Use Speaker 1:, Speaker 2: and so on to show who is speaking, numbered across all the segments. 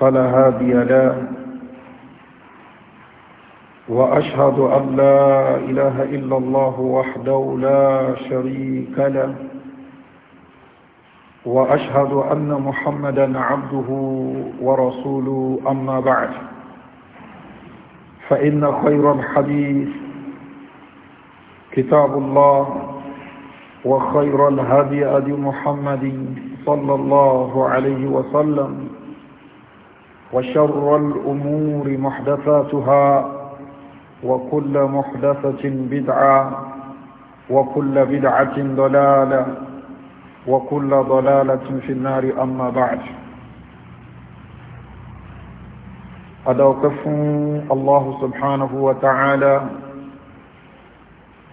Speaker 1: فلا هادي له وأشهد أن لا إله إلا الله وحده لا شريك له وأشهد أن محمدا عبده ورسوله أما بعد فإن خير الحديث كتاب الله وخير الهدي أدي محمد صلى الله عليه وسلم وشر الأمور محدثاتها وكل محدثة بدعة وكل بدعة ضلالة وكل ضلالة في النار أما بعد أدوقف الله سبحانه وتعالى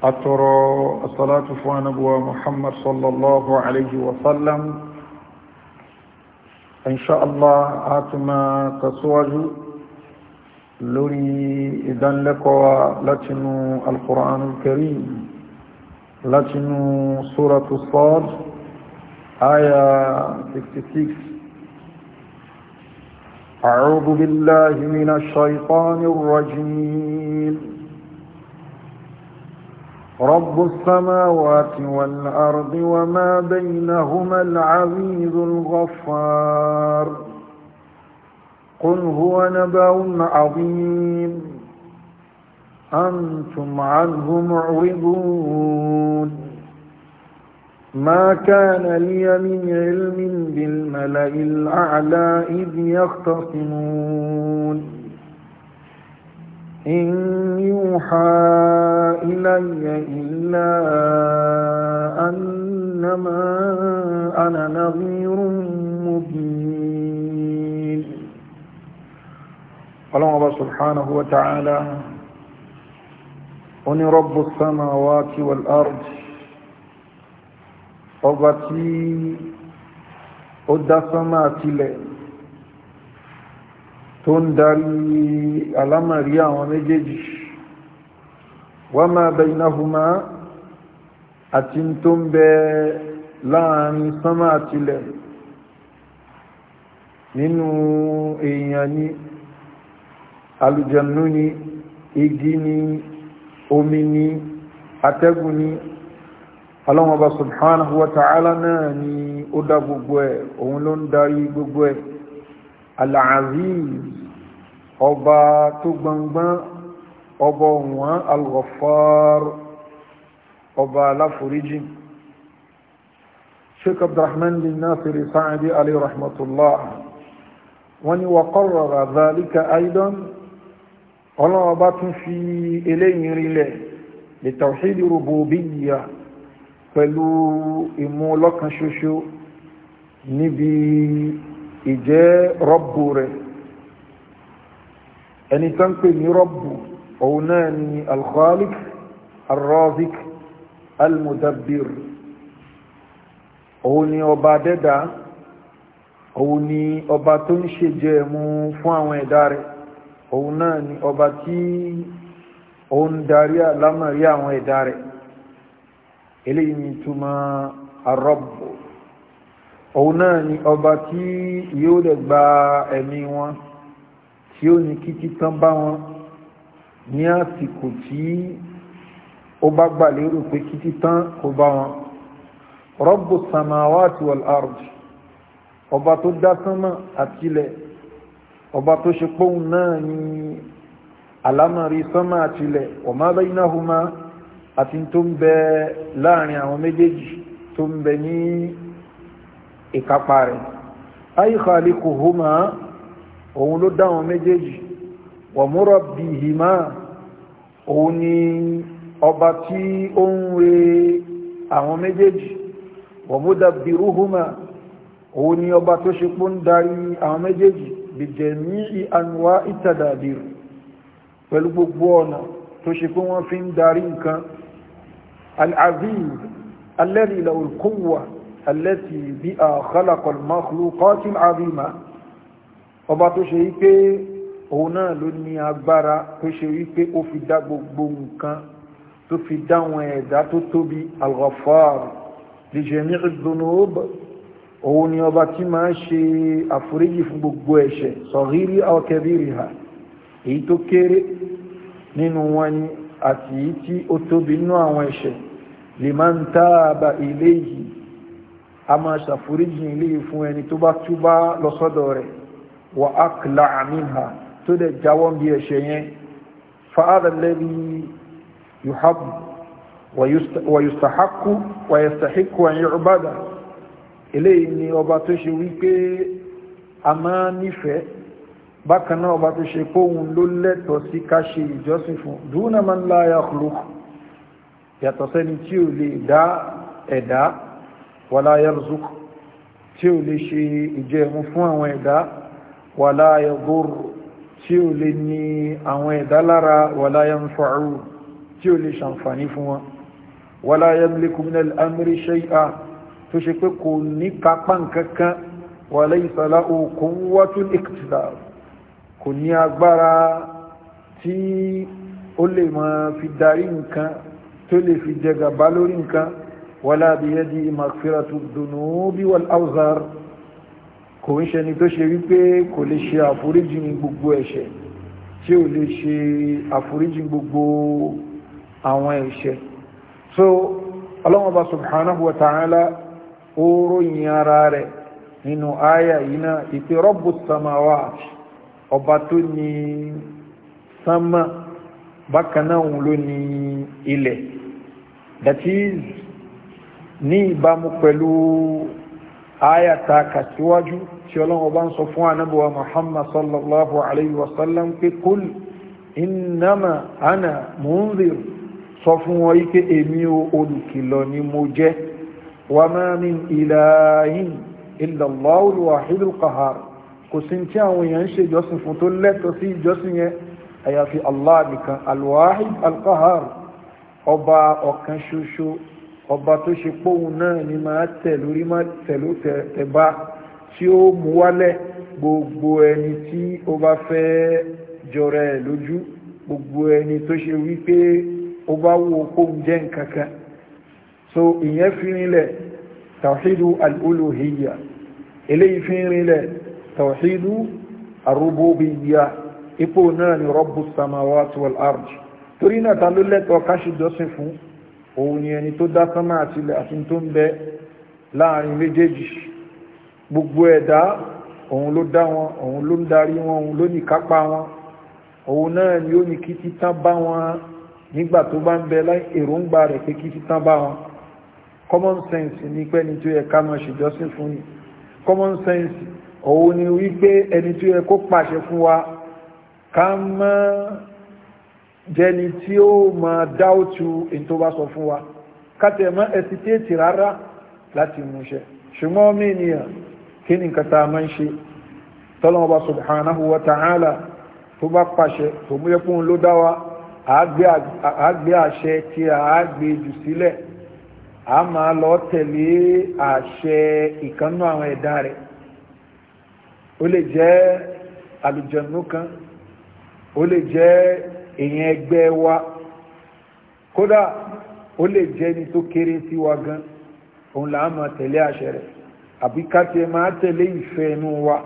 Speaker 1: أترى الصلاة فوانبوى محمد صلى الله عليه وسلم ان شاء الله اتما تسواجو لوري اذن لكوا لاتنو القران الكريم لاتنو سوره الصاد ايه 66 اعوذ بالله من الشيطان الرجيم رب السماوات والأرض وما بينهما العزيز الغفار قل هو نبأ عظيم أنتم عنه معرضون ما كان لي من علم بالملئ الأعلى إذ يختصمون إن يوحى إلي إلا أنما أنا نظير مبين الله سبحانه وتعالى أني رب السماوات والأرض ọba tí ó tó ń darí alámàrí àwọn méjèèjì wa ma baynahuma àti tó ń bẹ láàrin sánmà àtilẹ̀ nínú èèyàn ni alùjànnú ni igi ni omi ni atẹ́gùn ni ọlọ́wọ́ba subhanahu wa ta'ala náà ó dá gbogbo ẹ̀ òun ló ń darí gbogbo ẹ̀ al-aziz ọba tó gbọngbọ́n ọba òwọ́n al-ghaffar ọba aláforíjì sheikh abdulrahman bin nasir sa'adi alayhi rahmatullah wọ́n ni wa qarrara dhalika aidan ọlọ́wọ́ bá tún fi eléyìn rílẹ̀ lè tawhid rububiyyah pẹ̀lú ìmú ọlọ́kan ṣoṣo níbi ìjẹ́ rọ́bù rẹ̀ ẹni tán pè ní rọ́bù òun náà ni alkhalik arrazik almudabbir òun ni ọba dẹ́dà òun ni ọba tó ń ṣe jẹ mú fún àwọn ẹ̀dá rẹ̀ òun náà ni ọba tí òun darí àlámọ̀rí àwọn ẹ̀dá rẹ̀ eléyìí ni túmọ̀ arọ́bù òun náà ni ọba tí yóò lè gba ẹ̀mí wọn tí ó ní kíkí tán bá wọn ní àsìkò tí ó bá gbà lérò pé kíkí tán kò bá wọn rọ́bù samawati wal ardi ọba tó dá sánmà ọba tó ṣe póun náà ni alámàrí sánmà àtilẹ̀ wa ma àti tó ń bẹ láàrin àwọn méjèèjì tó ń bẹ ní ìkápá rẹ̀ ay khaliquhuma òun ló dá wọn méjèèjì wa murabbihima òun ni ọba tí ó ń re àwọn méjèèjì wa mudabbiruhuma òun ni ọba tó ṣe pó ń darí àwọn méjèèjì bi jami'i anwa'i tadabir pẹ̀lú gbogbo ọ̀nà tó ṣe pé wọ́n fi ń darí nǹkan al-aziz alladhi lahu al التي بها خلق المخلوقات العظيمة ọba tó ṣe wípé òun náà ló ní agbára tó ṣe wípé ó fi dá gbogbo nǹkan tó fi dáwọn ẹ̀dá tó tóbi al-Ghaffar li jami' adh-dhunub òun ni ọba tí máa ṣe àforíjì fún gbogbo ẹ̀ṣẹ̀ saghiri aw kabiriha èyí tó kéré nínú wọn ni àti èyí tí ó tóbi nínú àwọn ẹ̀ṣẹ̀ liman taba ilayhi a máa ṣàforíjì ilé fún ẹni tó bá túbá lọ́sọ́dọ̀ rẹ̀ wà á kìlá àmìhà tó dẹ̀ jáwọ́ bí ẹ̀ṣẹ̀ yẹn fa'adà lẹ́bi yuhabu wa yustahaku wa yastahiku an yu'bada ilé ni ọba tó ṣe wípé a máa nífẹ̀ẹ́ bákan náà ọba tó ṣe póhun ló lẹ́tọ̀ọ́ sí ká ṣe ìjọsìn fún dúnà man yàtọ̀ sẹ́ni tí ò lè dá ẹ̀dá wàlá yarzuk tí ó lè ṣe ìjẹun fún àwọn ẹ̀dá wàlá yagur tí ó lè ní àwọn ẹ̀dá lára wàlá yanfa'u tí ó lè ṣàǹfàní fún wọn wàlá yamliku min al-amri shay'a tó ṣe pé kò ní kápá nǹkankan wàlá ìsàlá òkun wátú iqtidar lè fi darí nǹkan lórí nǹkan wala biyadi magfiratu dhunubi wal awzar kò ń ṣe ni tó ṣe wípé kò lè ṣe àforíjì ní gbogbo ẹ̀ṣẹ̀ tí ò lè ṣe àforíjì gbogbo àwọn ẹ̀ṣẹ̀ so ọlọ́wọ́n bá subhanahu wa ta'ala ooró yin ara rẹ̀ nínú àyà yìí náà ìpè rọ́bù samawa ọba tó ní sánmà bákan ló ní ilẹ̀ that is ní ìbámu pẹ̀lú ayata kàtíwájú tí ọlọ́run bá ń sọ fún anábọ̀wá muhammad sallallahu alayhi wa sallam pé kúl innama ana munzir sọ fún wọn yíké èmi o olùkìlọ̀ ni mo jẹ́ wa ma min ilahin illallahu alwahidul qahar kò sí tí àwọn èèyàn ń ṣe ìjọsìn fún tó lẹ́tọ̀ sí ìjọsìn yẹn àyàfi allah nìkan alwahid alqahar ọba ọ̀kan ṣoṣo ọba tó ṣe póhun náà ni máa tẹ̀lórí máa tẹ̀ló tẹ̀bá tí ó mú wálẹ̀ gbogbo ẹni tí ó bá fẹ́ jọra ẹ̀ lójú gbogbo ẹni tó ṣe wípé ó bá wo kóhun jẹ́ nkankan so ìyẹn fi rinlẹ̀ tawhidu al-uluhiyya eléyìí fi rinlẹ̀ tawhidu ar ipò náà ni rabbu samawati wal ardi torí náà ta ló lẹ́tọ̀ọ́ káṣí jọ́sìn fún òun ni ẹni tó dá sánmà àti ilẹ̀ àti tó ń bẹ láàrin méjèèjì gbogbo ẹ̀dá òun ló dá wọn òun ló ń darí wọn òun ló ní kápá wọn òun náà ni ó ní kí títán bá wọn nígbà tó bá ń bẹ láì èròǹgbà rẹ̀ pé kí títán bá wọn common sense ni pé ẹni tó yẹ ká máa ṣèjọ́sìn fún ni common sense òun ni wípé ẹni tó yẹ kó pàṣẹ fún wa ká máa jẹni tí ó ma dáótú in tó bá sọ fún wa kátẹ̀ mọ́ ẹsitéètì rárá láti múṣẹ ṣùgbọ́n mí nìyàn kí ni nǹkan tá a máa ń ṣe tọ́lọ́mọba subhanahu wa ta'ala tó bá pàṣẹ tó mú yẹkún ló dá wa àágbé àṣẹ tí a gbé jù sílẹ̀ a máa lọ tẹ̀lé àṣẹ ìkannú àwọn ẹ̀dá rẹ̀ ó lè jẹ́ àlùjànnú kan ó lè jẹ́ èèyàn ẹgbẹ́ wa kódà ó lè jẹ́ ni tó kéré sí wa gan òun là á máa tẹ̀lé àṣẹ rẹ̀ àbí ká tiẹ̀ máa tẹ̀lé ìfẹ́ inú wa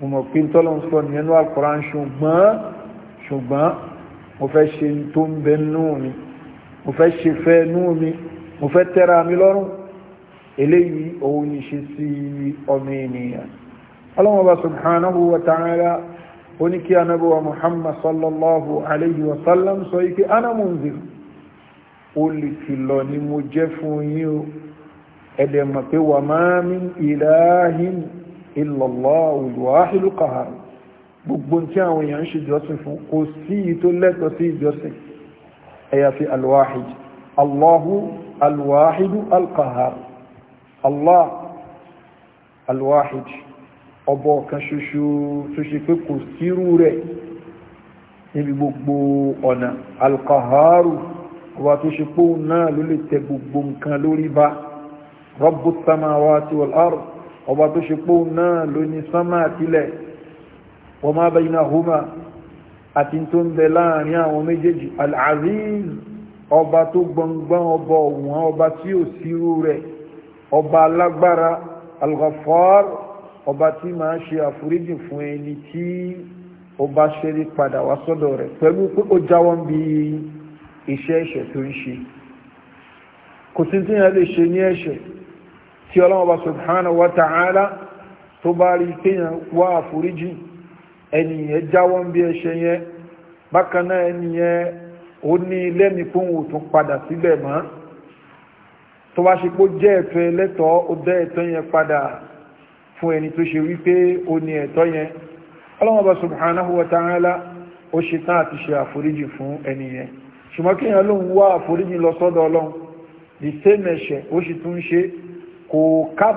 Speaker 1: mo mọ̀ pé tọ́lọ́ ń sọ nínú Al-Qur'an ṣùgbọ́n ṣùgbọ́n mo fẹ́ ṣe tó ń bẹ nú mi mo fẹ́ ṣe fẹ́ nú mi mo fẹ́ tẹ́ra mi lọ́rùn eléyìí òun ní ṣe sí ọmọ ènìyàn Allah subhanahu wa ta'ala ó ní kí anábíwa muhammad sallallahu alayhi wa sallam sọ ike anamunzir olùkìlọ̀ ni mo jẹ́ fún yín o ẹ̀dẹ̀ mọ̀ pé wà máa min ìlàáhìn illallahu wahid qahar gbogbo tí àwọn èèyàn ń ṣe ọbọ kan ṣoṣo tó ṣe pé kò sírú rẹ̀ níbi gbogbo ọ̀nà alkaharu ọba tó ṣe pé òun náà ló lè tẹ gbogbo nǹkan lórí bá rọ́bù samawati wal ard ọba tó ṣe pé òun náà ló ní sánmà àtìlẹ̀ wa ma baynahuma àti tó ń bẹ láàrin àwọn méjèèjì al ọba tó gbọngbọ́n ọba òun ọba tí ò sírú rẹ̀ ọba alágbára al ọba tí máa ṣe àforíjì fún ẹni tí ó bá ṣẹ́rí padà wá sọ́dọ̀ rẹ̀ pẹ̀lú pé ó jáwọ́ bí iṣẹ́ ẹ̀ṣẹ̀ tó ń ṣe kò sí tí yẹn lè ṣe ní ẹ̀ṣẹ̀ tí ọlọ́mọba subhanahu wa ta'ala tó bá rí kéèyàn wá àforíjì ẹni yẹn jáwọ́ bí ẹ̀ṣẹ̀ yẹn bákan náà ẹni yẹn ó ní lẹ́mìí pé òun ò tún padà síbẹ̀ mọ́ tó bá ṣe pé ó jẹ́ ẹ̀tọ́ ẹlẹ́tọ̀ọ́ ó dẹ́ ẹ̀tọ́ yẹn padà fún ẹni tó ṣe wípé ó ní ẹ̀tọ́ yẹn ọlọ́mọba subhanahu wa ta'ala ó ṣe tán àti ṣe àforíjì fún ẹni yẹn ṣùgbọ́n kí èèyàn ló ń wá àforíjì lọ sọ́dọ̀ ọlọ́run the same ẹ̀ṣẹ̀ ó sì tún ṣe ni ṣùgbọ́n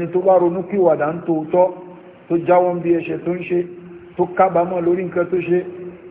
Speaker 1: ẹni tó bá ronú kí ìwàdà ń tòótọ́ tó jáwọ́ bí ẹ̀ṣẹ̀ tó ń ṣe tó kábàámọ̀ lórí nǹkan tó ṣe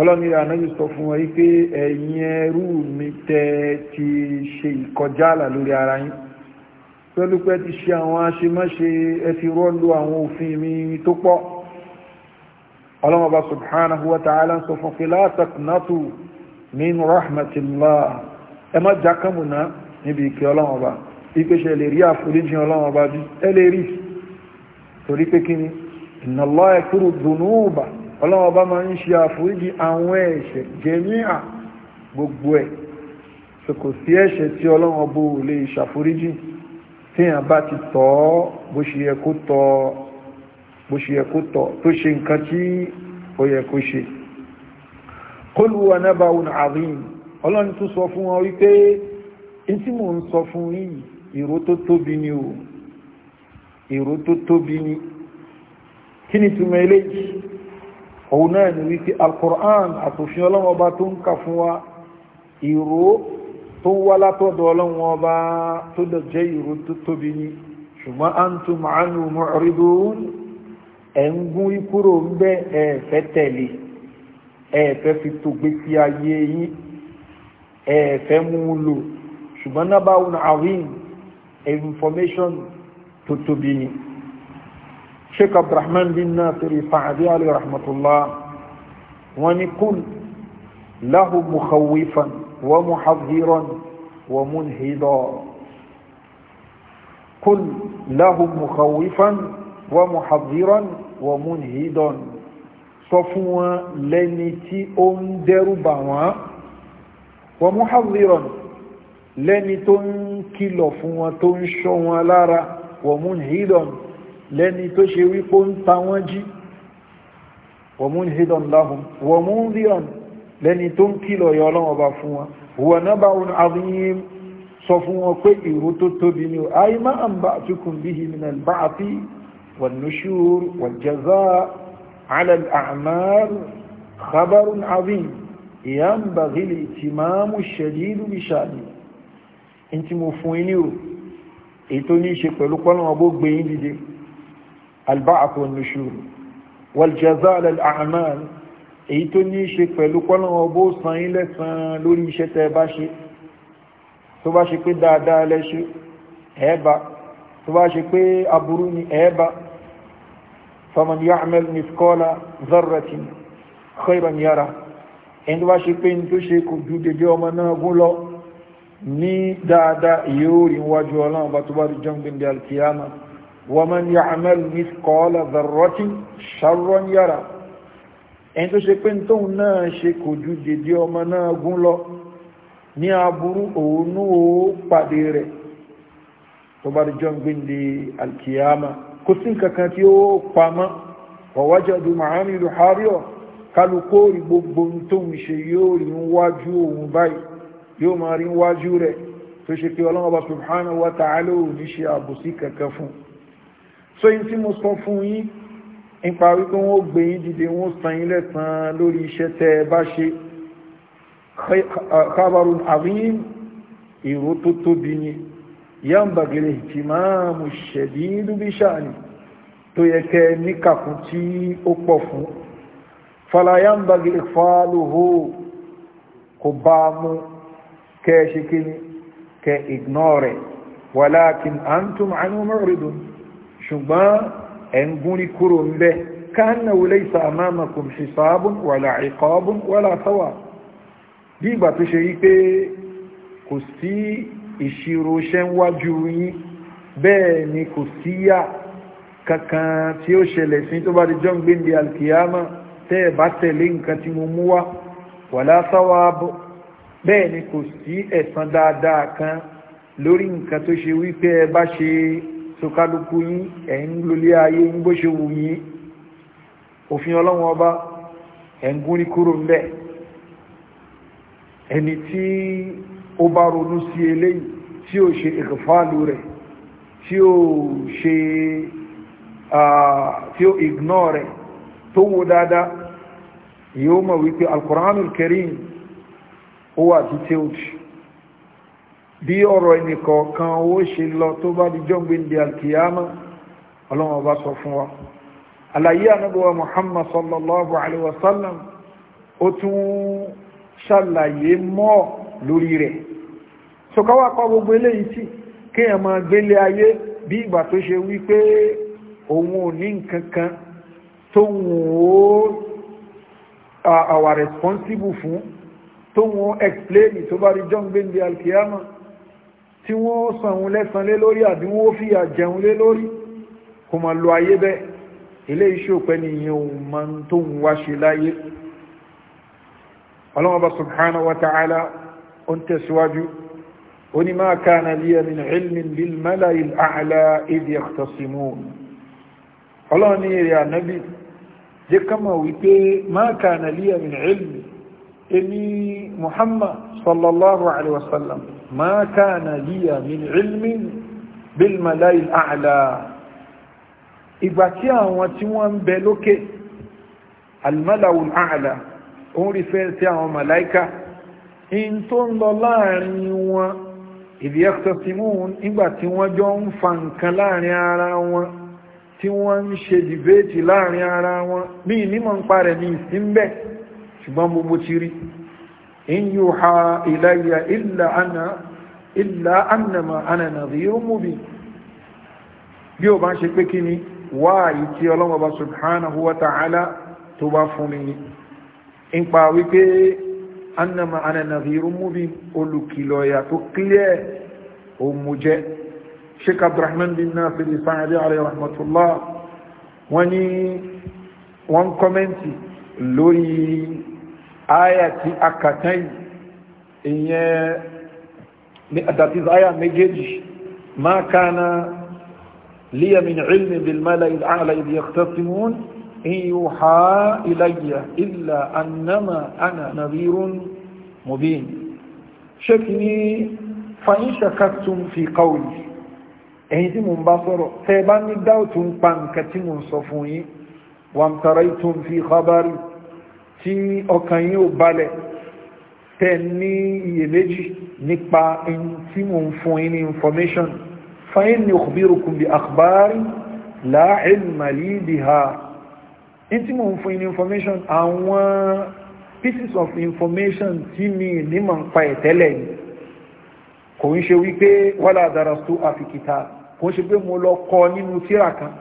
Speaker 1: ọlọ́nira anábì sọ fún wọn wípé ẹ̀yin ẹrú mi tẹ́ ti ṣe ìkọjá àlà lórí ara yín pẹ̀lú pé ti ṣe àwọn aṣemáṣe ẹ ti rọ́lù àwọn òfin mi tó pọ̀ ọlọ́wọ́n bá subhanahu wa ta'ala sọ fún pé la taqnatu min rahmatillah ẹ má jákàmùná níbi ìkẹ́ ọlọ́wọ́n bá ṣe lè rí àforíjì ọlọ́wọ́n bí ẹ lè rí torí pé kí ni inna Allah ọlọ́wọ́ bá máa ń ṣe àforíjì àwọn ẹ̀ṣẹ̀ jẹ́míà gbogbo ẹ̀ so kò sí ẹ̀ṣẹ̀ tí ọlọ́wọ́ bó lè ṣàforíjì tíyàn bá ti tọ́ bó ṣe yẹ kó tọ́ bó ṣe yẹ kó tọ́ tó ṣe nǹkan tí ó yẹ kó ṣe kólú wa naba'un ọlọ́ni tún sọ fún wọn wípé tí mò ń sọ fún yìí ìró tó tóbi ni o ìró tó tóbi ni kí ni túmọ̀ eléyìí òun náà ni wípé alkùrán àtòfin ọlọ́wọ́ ọba tó ń kà fún wa ìró tó ń wá látọ̀dọ̀ ọlọ́wọ́ ọba tó lọ jẹ́ ìró tó tóbi ni ṣùgbọ́n antum anhu mu'ridun ẹ̀ ń gún ikúrò ń bẹ́ ẹ̀ fẹ́ tẹ̀lé ẹ̀ fẹ́ fi tó gbé sí ayé yín ẹ̀ fẹ́ mú un lò ṣùgbọ́n náà àwìn information tó tóbi ni. شيخ عبد الرحمن بن ناصر الصعدي عليه رحمة الله ونكون له مخوفا ومحذرا ومنهضا كن له مخوفا ومحذرا ومنهضا صفوا لنتي أم دربوا ومحذرا لنتن كلفوا تنشوا لارا ومنهضا lẹ́ni tó ṣe wípó ń ta wọ́n jí wọ̀mún hidon lahum wọ̀mún rion lẹ́ni tó ń kílọ̀ yọ ọlọ́wọ́ba fún wọn wọ̀ náà bá wọn àríyìn sọ fún wọn pé ìró tó tóbi ni ayé má àtúkùn bí i minal bá àfi wọ̀n nushur wọ̀n jaza alal àmàr khabarun azim ìyá alba'ath wan nushur wal jazaa lil a'mal èyí tó ní í ṣe pẹ̀lú pọ́nlọ́wọ́ bó san yín lẹ́sàn-án lórí iṣẹ́ tẹ́ bá ṣe tó bá ṣe pé dáadáa lẹ́ṣe ẹ̀ẹ́bà tó bá ṣe pé aburú ni ẹ̀ẹ́bà ẹni tó ṣe pé ní tó ṣe kò ju dédé ọmọ náà gún lọ ní dáadáa yóò rí wájú ọlọ́run bá tó bá rí jọ́ngbìn di alkiyama ومن يعمل مثقال ذرة شرا يرى ẹni tó ṣe pé ń tóun náà ṣe kò ju dèdè ọmọ náà gún lọ ní aburú òun ó pàdé rẹ̀ tó bá jọ ń gbíndé alkiyama kò sí kankan tí ó pamọ́ wọ̀wájọ́dù mahamidu hario kálukó rí gbogbo tóun ṣe yóò rí wájú òun báyìí yóò máa rí wájú rẹ̀ tó ṣe pé ọlọ́wọ́ subhanahu wa ta'ala ò ní ṣe àbòsí kankan fún so yí tí mo sọ fún yín nípa wípé wọ́n gbé yín dìde wọ́n san yín lẹ́san lórí iṣẹ́ tẹ́ ẹ bá ṣe khabarun azim ìró tó tóbi ni yambagile ihtimamu shadidu bi sha'ni tó yẹ kẹ́ níkàkún tí ó pọ̀ fún fala yambagile faluhu kò bá mú kẹ́ ṣe kí ni kẹ́ ignore walakin antum anhu mu'ridun ṣùgbọ́n ẹ̀ngún rí kúrò ń bẹ́ káàna wulẹ̀ ìsà àmàmàkùn ṣìṣàbùn wàlà ìkọ́bùn wàlà tọ́wà bí ìgbà tó ṣe wípé kò sí ìṣirò ṣẹ́ ń wájú yín bẹ́ẹ̀ ni kò síyà kankan tí ó ṣẹlẹ̀ sí tó bá di jọ́ ń alkiyama tẹ́ bá tẹ̀lé nǹkan tí mo mú wá wàlá sáwàbọ̀ bẹ́ẹ̀ ni kò sí ẹ̀san dáadáa kan lórí nǹkan tó ṣe wípé ẹ bá ṣe so kálukú yí ẹ̀yìn lólé ayé ń bó ṣe wù yí òfin ọlọ́wọ́n ọba ẹ̀ngún ní kúrò ńbẹ̀ ẹni tí ó bá ronú sí eléyìí tí ó ṣe ìkẹfàálù rẹ̀ tí ó ṣe tí ó ignore rẹ̀ tó wo dáadáa yóò mọ̀ wípé alkùránù kẹrin ó wà detailed bí ọ̀rọ̀ ẹnìkọ̀ọ̀kan ó ṣe lọ tó bá di jọ́gbìndì alkiyama ọlọ́run ọba sọ fún wa àlàyé anábọ̀wà muhammad sallallahu alaihi wasallam ó tún ṣàlàyé mọ́ lórí rẹ̀ sọkáwà pa gbogbo eléyìí tí kéèyàn máa gbélé ayé bí ìgbà tó ṣe wípé òun ò ní nǹkan kan tó wùn ó àwà responsible fún tó wùn explain tó bá di jọ́gbìndì alkiyama tí wọ́n sanwó lẹ́san lé lórí àbí wọ́n fìyà jẹun lé lórí kò mà lo ayé bẹ́ẹ̀ ilé iṣẹ́ òpẹ́ ni ìyẹn òun ma ń tó ń wá ṣe láyé ọlọ́mọba subhanahu wa ta'ala ó ń tẹ̀síwájú ó ní máa kana liya min ilmin bil mala'i al-a'la idh yahtasimun ما كان لي من علم بالملأ الأعلى ìgbà tí àwọn tí wọ́n ń bẹ lókè almalawul a'la òun rí fẹ́ sí àwọn màláíkà in tó ń lọ láàrin wọn idh yaqtasimun nígbà tí wọ́n jọ ń fa nǹkan láàrin ara wọn tí wọ́n ń ṣe dìbéètì láàrin ara wọn bí nímọ̀ ń parẹ̀ ní ìsínbẹ̀ ṣùgbọ́n gbogbo ti rí in yuha ilayya illa ana illa annama ana nadhirun mubin bí o bá ń ṣe pé kí ni wáàyí tí ọlọ́wọ́ bá subhanahu wa ta'ala tó bá fún mi ní ń pa wípé annama ana nadhirun mubin olùkìlọ̀yà tó kílẹ̀ òmùjẹ́ sheik abdulrahman bin nasir sa'adi alayhi rahmatullah wọ́n ní wọ́n kọ́mẹ́ntì lórí ayati akatai ìyẹn that is aya méjèèjì ma kana liya min ilmi bil mala'i al-a'la idh yaqtasimun in yuha ilayya illa annama ana nadhirun mubin shakini fa in shakaktum fi qawli ẹ̀yin tí mo ń bá sọ̀rọ̀ tẹ́ bá ní dáùtù ń pa nǹkan tí mo ń sọ fún yín wamtaraytum fi khabari tí ọkàn yín ò balẹ̀ tẹ́ ní iyèméjì nípa tí mo ń fún yín ní information fa'in ni ukhbirukum bi akhbari la ilma li biha in tí mo ń fún yín ní information àwọn pieces of information tí mi ní ma ń pa ẹ̀tẹ́lẹ̀ yìí kò ń ṣe wípé wala darastu fi kitab kò ń ṣe pé mo lọ kọ nínú tíra kan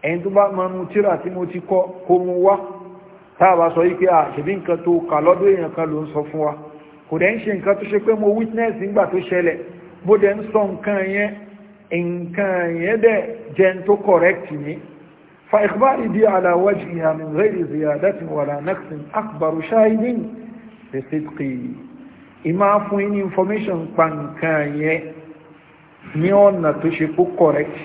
Speaker 1: ẹni tó bá ma nu tíra tí mo ti kọ kó mu wá táàbà sọ yìí pé àṣẹbí nǹkan tó kà lọ́dọ̀ èèyàn kan ló ń sọ fún wa kò dẹ̀ ń ṣe nǹkan tó ṣe pé mo witness nígbà tó ṣẹlẹ̀ mo dẹ̀ ń sọ nǹkan yẹn nǹkan yẹn dẹ̀ jẹ́ ń tó correct mi fa ikhbari bi ala wajhiha min ghairi ziyadatin wala naqsin akbaru shahidin bi sidqi ìmá fún yín information pa nǹkan yẹn ní ọ̀nà tó ṣe kó correct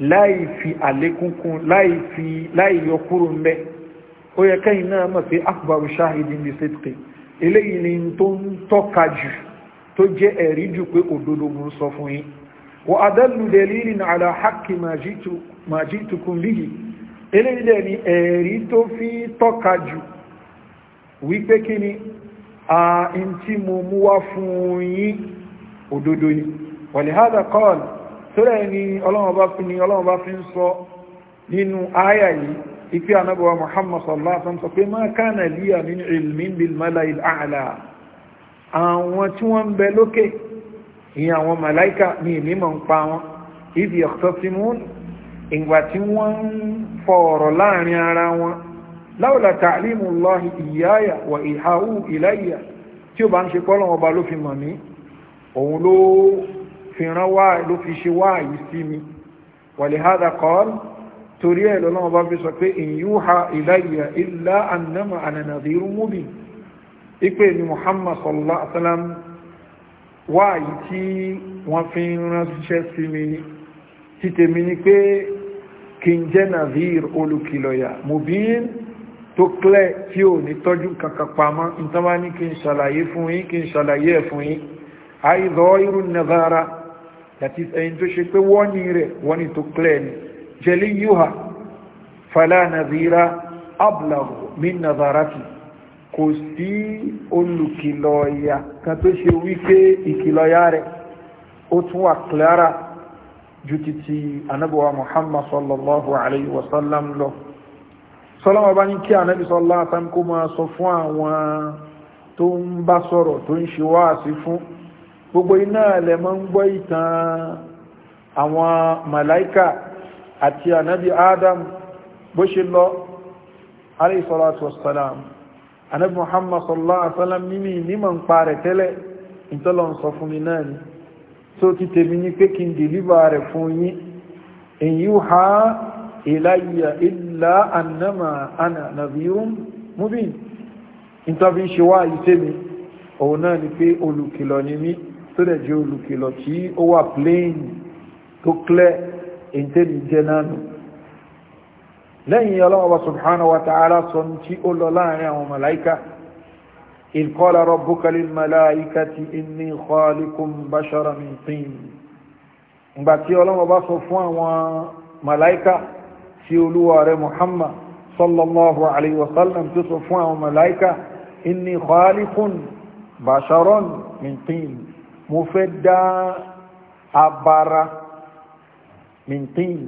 Speaker 1: láì fi àlékún kún láì fi láì yọ kúrò ń bẹ́ ó yẹ kẹ́yìn náà mọ̀ sí akbaru shahidin bi sidqi eléyìí ni tó ń tọ́ka jù tó jẹ́ ẹ̀rí jù pé òdodo mú sọ fún yín wa ma jitukum bihi eléyìí dẹ̀ ni ẹ̀rí tó fi tọ́ka jù wípé kí a ń tí mo mú fún yín òdodo ni wa lihada tó rẹ̀ ni ọlọ́wọ́n fi sọ nínú ikú anábọ̀wá muhammad sallallahu alaihi wasallam sọ pé ma kana liya min ilmin bil mala'il a'la àwọn tí wọ́n ń bẹ lókè ìyẹn àwọn màláìka ní ìmímọ̀ ń pa wọn idh yakhtasimun ìgbà tí wọ́n ń fọ ọ̀rọ̀ láàrin ara wọn láwùlà ta'limu Allahi iyaya wa ìhàwù ilayya tí ó bá ń ṣe pé Ọlọ́run ọba fi mọ̀ mí òun ló fi rán wá ló fi ṣe wá yìí sí mi wa li torí ẹ̀ lọ́lọ́wọ́ bá fi sọ pé in yuha ilayya illa annama ana nadhirun mubin ipe ni muhammad sallallahu alaihi wasallam wáyí tí wọ́n fi ránṣẹ́ sí mi ní títèmi ni pé kí n jẹ́ nadhir olùkìlọ̀yà mubin tó klẹ̀ tí ò ní tọ́jú kankan pamọ́ ìtọ́wá ní kí n ṣàlàyé fún yín kí n ṣàlàyé ẹ̀ fún yín àìzọ́ irú nadhara that ẹ̀yìn tó ṣe pé wọ́n ní rẹ̀ wọ́n ní tó klẹ̀ ni jaliyuha fala nadhira ablahu min nadharati kò sí olùkìlọ̀ọ̀yà kan tó ṣe wípé ìkìlọ̀ọ̀yà rẹ̀ ó tún wà clara ju titi anabuwa muhammad sallallahu alayhi wa sallam lọ sọlọ́wọ́ bá ní kí anabi sallallahu alayhi kó máa sọ fún àwọn tó ń bá sọ̀rọ̀ tó ń ṣe wáàsí fún gbogbo iná ẹ̀lẹ́mọ́ ń gbọ́ ìtàn àwọn màláìkà àti ànábì adam bó ṣe lọ alayhi salatu wassalam ànábì muhammad sallallahu alaihi wasallam mímí nímọ̀ ń parẹ̀ tẹ́lẹ̀ ìtọ́lọ̀ ń sọ fún mi náà ni tó ti tèmi ní pé kí n deliver rẹ̀ fún yín in yuha ilayya illa annama ana nadhirun mubin ìtọ́bí ń ṣe wá ìtẹ́mi òun náà ni pé olùkìlọ̀ ni mí tó dẹ̀ jẹ́ olùkìlọ̀ tí ó wà plain tó clear èntèmi jẹ́ náà nù lẹ́yìn ọlọ́wọ́ subhanahu wa ta'ala sọ tí ó lọ láàrin àwọn màláíkà idh qala rabbuka lil malaikati inni khaliqun basharan min tin ìgbà tí ọlọ́wọ́ bá sọ fún àwọn màláíkà tí olúwa rẹ̀ muhammad mintin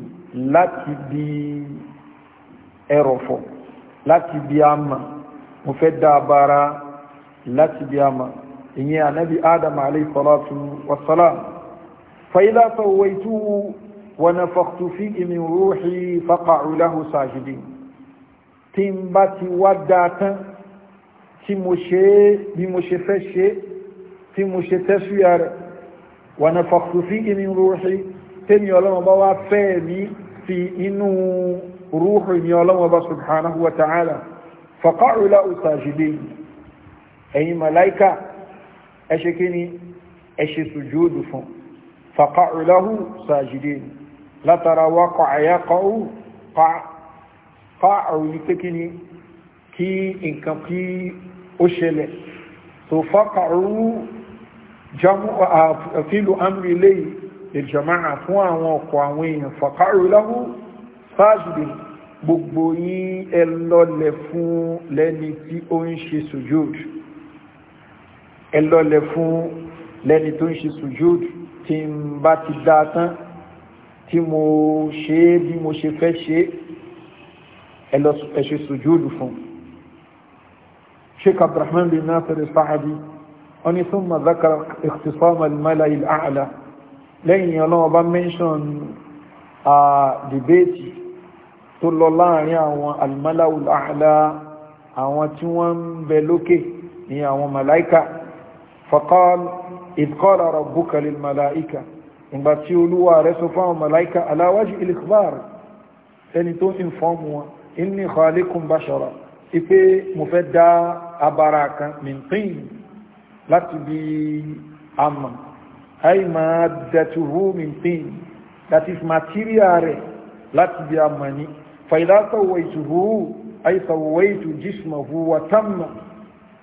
Speaker 1: láti bí ẹrọ̀fọ̀ láti bí àmà mo fẹ́ dábára láti bí àmà ìyẹn ànábì adam alayhi salatu wasalam fa'idha sawwaytuhu wa nafakhtu fihi min ruhi faqa'u lahu sajidin tí n bá ti wá dáa tán tí mo ṣe é bí mo ṣe fẹ́ ṣe tí mo ṣe tẹ́sùyà rẹ̀ wa nafakhtu fihi min ruhi tẹ́mi ọlọ́run bá wá fẹ́ mi fi inú rúhù mi ọlọ́run bá subhanahu wa ta'ala faqa'u lahu sajidin ẹ̀yin màláìka ẹ ṣe kí ni ẹ ṣe sùjúdù fún faqa'u lahu sajidin látara wá kọ̀ àyà kọ̀ọ̀hù fa'a'u ní pé kí kí nǹkan kí ó ṣẹlẹ̀ tó faqa'u jamu fi'lu amri lẹ́yìn ìjọmáà fún àwọn ọkọ̀ àwọn èèyàn fàkàrù láwú fáàzùdì gbogbo yín ẹ lọ́lẹ̀ fún lẹ́ni tí ó ń ṣe sujud ẹ lọ́lẹ̀ fún lẹ́ni tó ń ṣe sujud tí ń bá ti dá tán tí mo ṣe é bí mo ṣe fẹ́ ṣe ẹ ṣe sujud fún sheikh abdulrahman nasir sahadi wọ́n ni thumma dhakara ikhtisama al-mala'i al lẹ́yìn ọlọ́wọ́ bá mention a debate tó lọ láàrin àwọn almalawul a'la àwọn tí wọ́n ń bẹ lókè ní àwọn malaika faqal idh qala rabbuka lil malaika ìgbà tí olúwa rẹ̀ sọ fún malaika ala wajhi ẹni tó ay maddatuhu min tin that is material rẹ̀ láti bí a mọ̀ ní fa idha sawwaytuhu ay sawwaytu jismahu wa tamma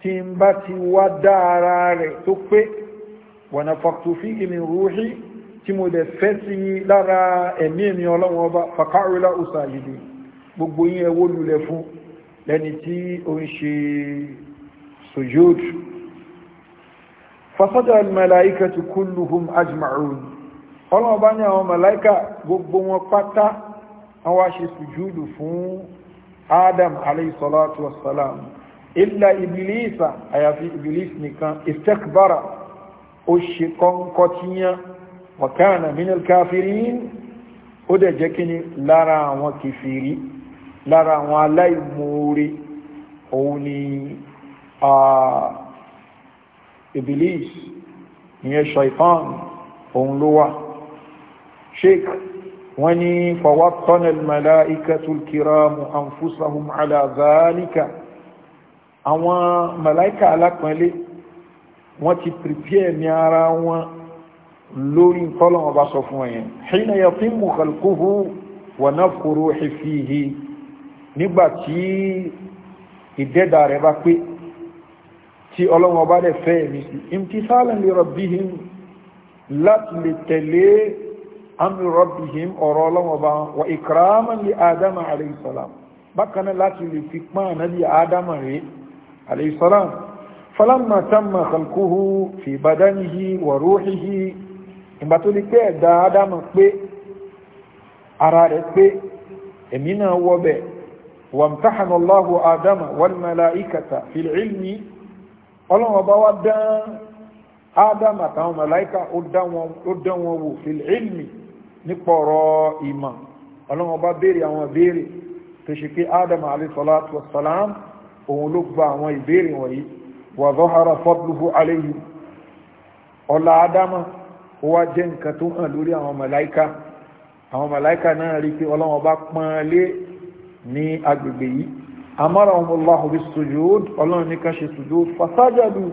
Speaker 1: tí n bá ti wá dá ara rẹ̀ tó pé wa nafaqtu fihi min ruhi tí mo dẹ̀ fẹ́ sí lára ẹ̀mí ẹ̀mí ọlọ́wọ́ ọba fàkàrùlá gbogbo yín ẹwó lulẹ̀ fún lẹ́ni tí ó ń ṣe fasada almalaika tu kulluhum ajma'un ọlọ́wọ́ bá ní àwọn malaika gbogbo wọn pátá àwọn aṣe sùjúdù fún adam aleyhisalatu wasalam illa iblisa àyàfi iblis nìkan istakbara ó ṣe kọ́ńkọ́ tíyàn wa kana minal kafirin ó dẹ̀ jẹ́ kí ni lára àwọn kìfìrí lára àwọn aláìmoore òun ni ibilis ìyẹn shaitan òun ló wà sheik wọ́n ní fawatanal malaikatul kiramu anfusahum ala zalika àwọn malaika alápẹ̀lẹ́ wọ́n ti prepare ní ara wọn lórí kọ́lọ̀ ọba sọ fún ẹ̀yẹn hina yatimmu khalquhu wa nafkhu ruhi fihi nígbàtí ìdẹ́dà rẹ̀ bá pé tí ọlọ́wọ́ bá dẹ̀ fẹ́ ẹ̀mí sí imtisalan li rabbihim láti lè tẹ̀lé amri rabbihim ọ̀rọ̀ ọlọ́wọ́ bá wa ikraman li adama alayhi salam bákan náà láti lè fi pán ànábì adama rẹ̀ alayhi salam falamma tamma khalquhu fi badanihi wa ruhihi ìgbà tó lè pé ẹ̀dá adama pé ara rẹ̀ pé ẹ̀mí náà wọ́ bẹ̀ wàmtáhàn adama wal malaikata fil ilmi ọlọ́run ọba wa dán ádámù àtàwọn màláìka ó dán wọn wò fil ilmi nípa ọ̀rọ̀ ìmọ̀ ọlọ́run ọba béèrè àwọn ìbéèrè tó ṣe pé ádámù alayhi salatu wassalam òun ló gba àwọn ìbéèrè wọ̀nyí wa zahara fadluhu alayhi ọlá ádámù ó wá jẹ́ nǹkan tó hàn lórí àwọn màláìka àwọn màláìka náà rí pé ọlọ́run ọba pọ́n lé ní agbègbè yìí amarahum Allahu bis sujud ọlọ́run ní ká ṣe sujud fasajadu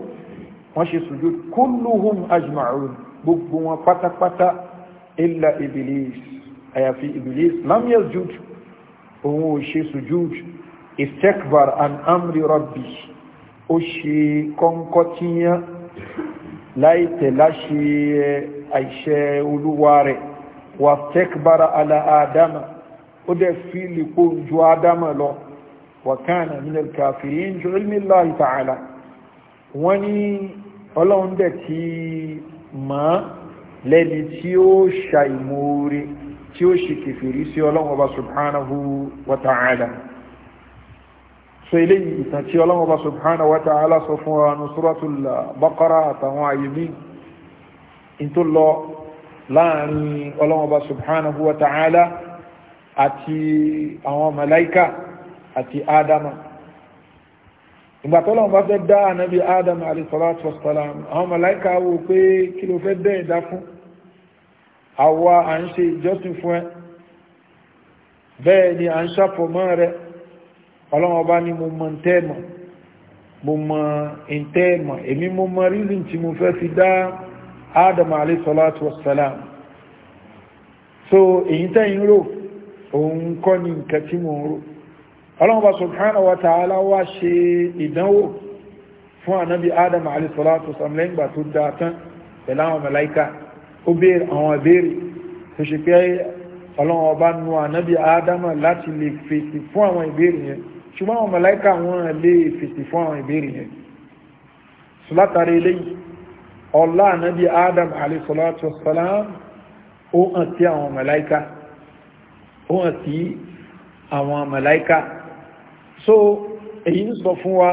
Speaker 1: wọ́n ṣe sujud kulluhum ajma'un gbogbo wọn pátápátá illa iblis àyàfi iblis lam yasjud òun ò ṣe sujud istakbar an amri rabbi ó ṣe kọ́ńkọ́ tíyán láì tẹ̀láṣe àìṣẹ́ olúwa rẹ̀ wà istakbara ala adama ó dẹ̀ fíìlì kó ju adama lọ wakana min alkafirin ju ilmi allahi ta'ala wọ́n ní ọlọ́run dẹ̀ ti mọ̀ lẹ́ni tí ó ṣàìmóore tí ó ṣe kèfèrí sí ọlọ́run ọba subhanahu wa ta'ala so eléyìí ìtàn tí ọlọ́run ọba subhanahu wa ta'ala sọ fún wa nù suratul baqara àtàwọn àyèmí in tó lọ láàrin ọlọ́run ọba subhanahu wa ta'ala àti àwọn màláíkà àti Adama, ìgbà tọ́lọ́run bá fẹ́ dá ànábì ádámà alayhi salatu wassalam àwọn màláìka wò pé kí ló fẹ́ dẹ́ ìdá fún àwa à ń ṣe ìjọsìn fún ẹ bẹ́ẹ̀ ni à ń ṣàfọ̀mọ́ rẹ ọlọ́run ọba ni mo mọ̀ ń tẹ́ mọ̀ mo mọ̀ ń èmi mo mọ̀ rírì tí mo fẹ́ fi dá ádámà alayhi so èyí tẹ́yìn ni nǹkan tí ọlọ́mọba subhanahu wa ta'ala wá ṣe ìdánwò fún ànábì adam alisalatu samlẹ́gbà tó dáa tán pẹ̀lú àwọn mẹ́láíkà ó béèrè àwọn ìbéèrè tó ṣe pé ọlọ́mọba nu ànábì adam láti lè fèsì fún àwọn ìbéèrè yẹn ṣùgbọ́n àwọn mẹ́láíkà wọn lè fèsì fún àwọn ìbéèrè yẹn sùlátàrí eléyìí ọlá ànábì adam alisalatu salam ó hàn sí àwọn mẹ́láíkà so èyí ń sọ fún wa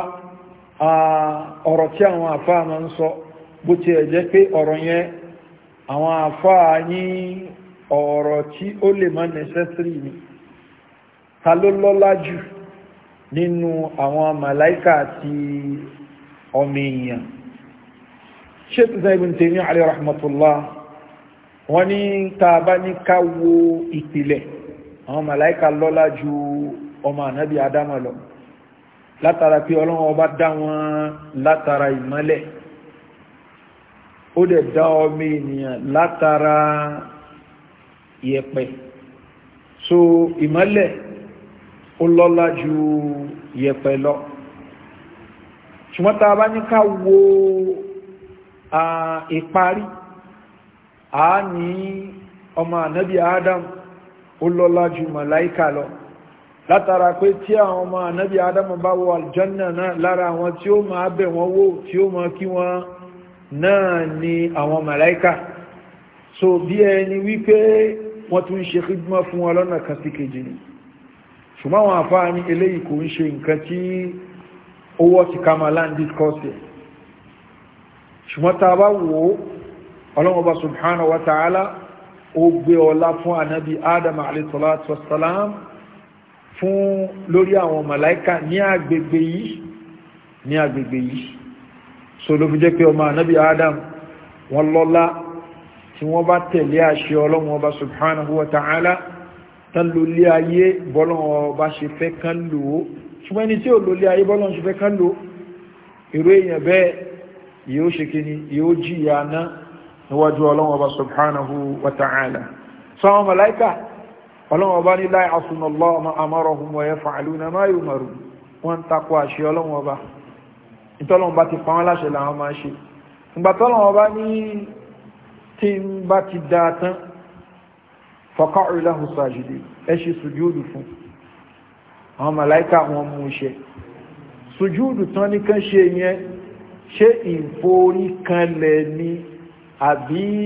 Speaker 1: ọ̀rọ̀ tí àwọn àfáà máa ń sọ bó ti ẹ̀ jẹ́ pé ọ̀rọ̀ yẹn àwọn àfáà ní ọ̀rọ̀ tí ó lè má necessary ni ta ló lọ́lá jù nínú àwọn màláìkà àti ọmọ èèyàn sheikh zaibun tèmi alayhi rahmatullah wọ́n ní tá bá ní ká wo ìpìlẹ̀ àwọn màláìkà lọ́lá jù ọmọ ànábì adámọ̀ lọ látara pé ọlọ́run ọba dá wọn látara ìmọ́lẹ̀ ó dẹ̀ dá ọmọ ènìyàn látara yẹ̀pẹ̀ so ìmọ́lẹ̀ ó lọ́lá ju yẹ̀pẹ̀ lọ ṣùgbọ́n tá a bá ní ká wo ìparí a ní ọmọ ànábì adam ó lọ́lá ju màláíkà lọ látara pé tí àwọn ọmọ ànábì adamu bá wọ aljanna náà lára àwọn tí ó máa bẹ̀ wọ́n wò tí ó máa kí wọ́n náà ni àwọn màláíkà so bí ẹni wípé wọ́n tún ṣe khidma fún wọn lọ́nà kan sí kejì ni ṣùgbọ́n àwọn àfáà ní eléyìí kò ń ṣe nǹkan tí owó ti ká máa land discourse fún lórí àwọn màláíkà ní agbègbè yìí ní agbègbè yìí so ló fi jẹ́ pé ọmọ anábì adam wọ́n lọ́lá tí wọ́n bá tẹ̀lé àṣẹ ọlọ́run ọba subhanahu wa ta'ala tán ló lé ayé bọ́lọ́run ọba ṣe fẹ́ kán lò ó ṣùgbọ́n ẹni tí ò ló lé ayé bọ́lọ́run ṣe fẹ́ kán lò ó irú èèyàn bẹ́ẹ̀ yóò ṣe kíni yóò jìyà náà níwájú ọlọ́run ọba subhanahu wa ta'ala so àwọn màláíkà ọlọ́run ọba ní láì asùnà lọ́ọ̀mà àmọ́rọ̀hùn wọ̀nyẹ fàálù náà máa yóò mọ̀rù wọ́n ń takò àṣẹ ọlọ́run ọba ìtọ́lọ́run bá ti pa wọ́n láṣẹ làwọn máa ṣe ìgbà tọ́lọ́run ọba ní tí ń bá ti dáa tán fọ́kọ́ àbí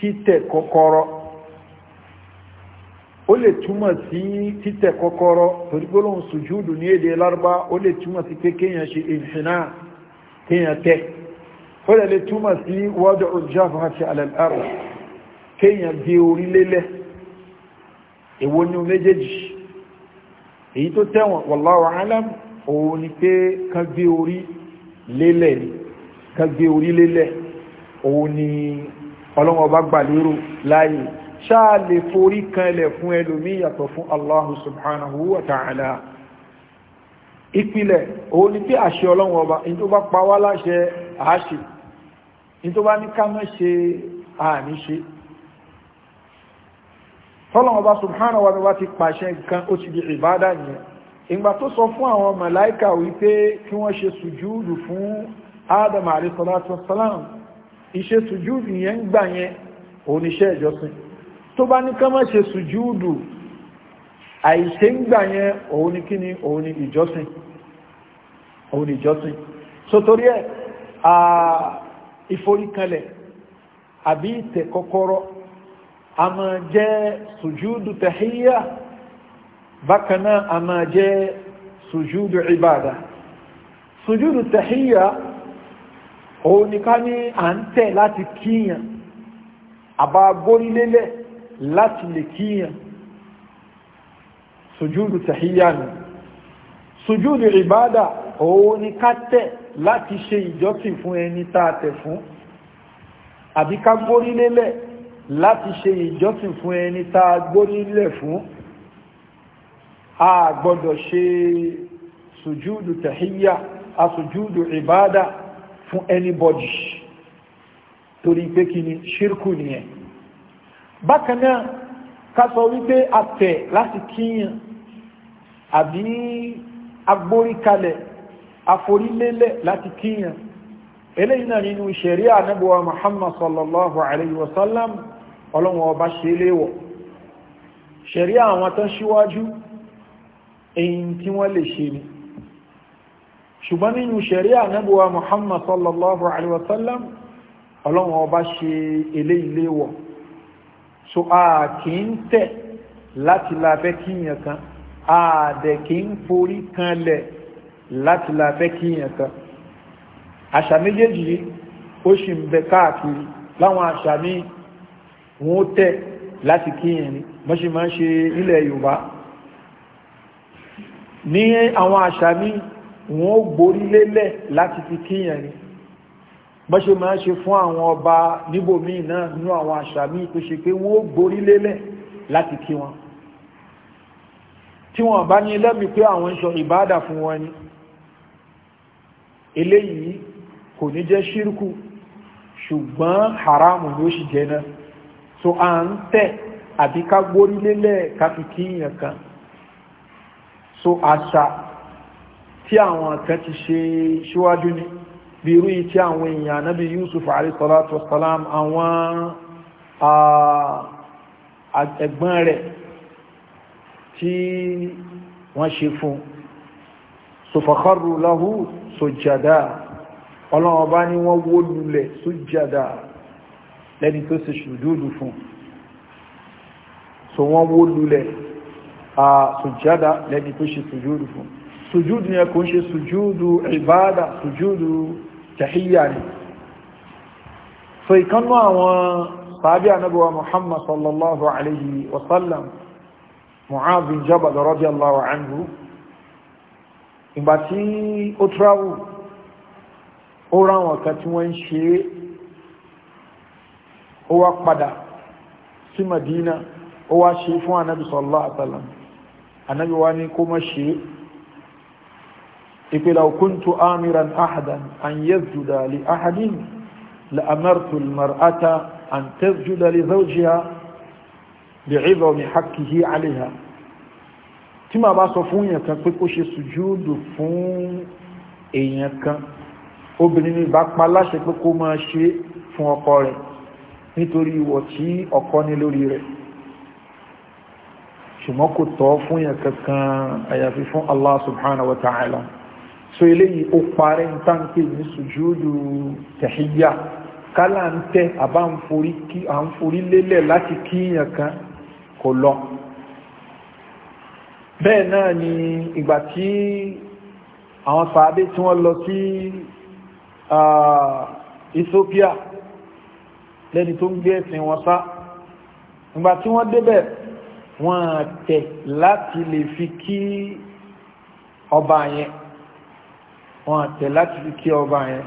Speaker 1: títẹ̀ kọ́kọ́rọ́ ó lè túmọ̀ sí títẹ̀ kọ́kọ́rọ́ torí gbólóhùn sùjúdù ní èdè lárúbá ó lè túmọ̀ sí pé kéèyàn ṣe ìhìnà kéèyàn tẹ̀ ó lè lè túmọ̀ sí wọ́dọ̀ òjáfà àti àlẹ́lárù kéèyàn gbé orí lélẹ̀ èwo ní méjèèjì èyí tó tẹ̀wọ̀n wallahu alam òun ni pé ká gbé orí ni ká gbé orí òun ni ọlọ́wọ́ bá láàyè ṣáà lè forí kanlẹ̀ fún ẹlòmí yàtọ̀ fún Allah subhanahu wa ta'ala ìpìlẹ̀ òun ni pé àṣẹ ọlọ́run ọba in tó bá pa wá láṣẹ àáṣe in tó bá ní ká mọ́ ṣe àní ṣe tọ́lọ́run ọba subhanahu wa ta'ala ti pàṣẹ nǹkan ó ti di ìbádà nìyẹn ìgbà tó sọ fún àwọn màláìkà wípé kí wọ́n ṣe sùjúùdù fún Adam alayhi salatu wassalam ìṣe sùjúùdù yẹn gbà yẹn òun iṣẹ́ ìjọsìn tó bá ní ká má ṣe sùjúùdù àìṣe ń gbà yẹn òun ni kí ni òun ni ìjọsìn òun ni ìjọsìn so torí ẹ̀ àbí ìtẹ̀ kọ́kọ́rọ́ a máa jẹ́ sùjúùdù tẹ̀híyà bákan náà a máa jẹ́ sùjúùdù ìbàdà sùjúùdù tẹ̀híyà òun ni ká ní à ń tẹ̀ láti kíyàn àbá gbórílélẹ̀ láti lè kíyàn sojúdù tàhíyàní sojúdù ìbádà òun ni ká tẹ̀ láti ṣe ìjọsìn fún ẹni tá a tẹ̀ fún àbí ká gbórílélẹ̀ láti ṣe ìjọsìn fún ẹni tá a gbórílẹ̀ fún a gbọ́dọ̀ ṣe sojúdù tàhíyà a sojúdù ìbádà fún anybody torí pé kí ni ṣírkù nìyẹn bákan náà ká sọ wípé àtẹ̀ láti kíyàn àbí agbóríkalẹ̀ aforílélẹ̀ láti kíyàn eléyìí náà nínú ìṣẹ̀rí ànábọ̀wà Muhammad sallallahu alayhi wa sallam ọlọ́wọ̀n ọba ṣe léwọ̀ ṣẹ̀rí àwọn tán síwájú èyí tí wọ́n lè ṣe ni ṣùgbọ́n nínú ṣẹ̀rí ànábọ̀wà Muhammad sallallahu alayhi wa sallam ọlọ́wọ̀n ọba ṣe eléyìí léwọ̀ so a kì í tẹ̀ láti la fẹ́ kíyàn kan a dẹ̀ kì í forí kanlẹ̀ láti la fẹ́ kíyàn kan àṣà méjèèjì yìí ó sì ń bẹ káàkiri láwọn àṣà míì wọn ó tẹ̀ láti kíyàn ni wọ́n sì máa ń ṣe ilẹ̀ yorùbá ní àwọn àṣà míì wọn ó gborí lélẹ̀ láti fi kíyàn ni bọ́ ṣe máa ṣe fún àwọn ọba níbòmí náà nínú àwọn àṣà míì tó ṣe pé wọ́n ó gborí lélẹ̀ láti kí wọn tí wọ́n bá ní lẹ́bi pé àwọn ń ìbáàdà fún wọn ni eléyìí kò ní jẹ́ ṣírkù ṣùgbọ́n haramu ló ṣì jẹ́ náà so à ń tẹ̀ àbí ká gborí lélẹ̀ ká fi kí yàn kan so àṣà tí àwọn kan ti ṣe síwájú ni bí irú ìtí àwọn èèyàn anábì yusuf alayhisalatu wasalam àwọn ẹ̀gbọ́n rẹ̀ tí wọ́n ṣe fún sọfàkọrù lahu sojada ọlọ́wọ́n bá ní wọ́n wó lulẹ̀ sojada lẹ́ni tó ṣe ṣùdúdù fún so wọ́n wó lulẹ̀ sojada lẹ́ni tó ṣe ṣùdúdù fún sojúdù yẹn kò ń ṣe sojúdù ìbádà sojúdù tàhíyà ni so ìkannú àwọn sàábí anábíwa muhammad sallallahu alayhi wa sallam mu'adh bin jabal radiyallahu anhu ìgbà tí ó travel ó ráwọn kan tí wọ́n ń ṣe ó wá padà sí madina ó wá ṣe fún anábí sallallahu alayhi wa sallam anábíwa ní kó mọ́ ṣe é ìpìlà òkúntù amiran ahadan an yẹ́sùdà lè ahadin la'amartu mar'ata an tẹ́sùdà lè zaujiya lè ríbà omi hakihi aliha tí ma bá sọ fún èèyàn kan pé kó ṣe sùjúdù fún èèyàn kan obìnrin ni bá pa láṣẹ pé kó máa ṣe fún ọkọ rẹ̀ nítorí ìwọ̀ tí ọkọ ní lórí rẹ̀ ṣùgbọ́n kò tọ́ fún èèyàn kankan àyàfi fún Allah subhanahu wa ta'ala. ta'ala so eléyìí ó parẹ́ ní táǹkì ní sùjúdù tẹ̀híyà kálá ń tẹ́ àbá ń forí lélẹ̀ láti kíyàn kan kò lọ bẹ́ẹ̀ náà ni ìgbà tí àwọn sàábé tí wọ́n lọ sí Ethiopia lẹ́ni tó ń gbé ẹ̀sìn wọn sá ìgbà tí wọ́n débẹ̀ wọ́n tẹ̀ láti lè fi kí ọba yẹn wọn àtẹ̀ láti fi kí ọba yẹn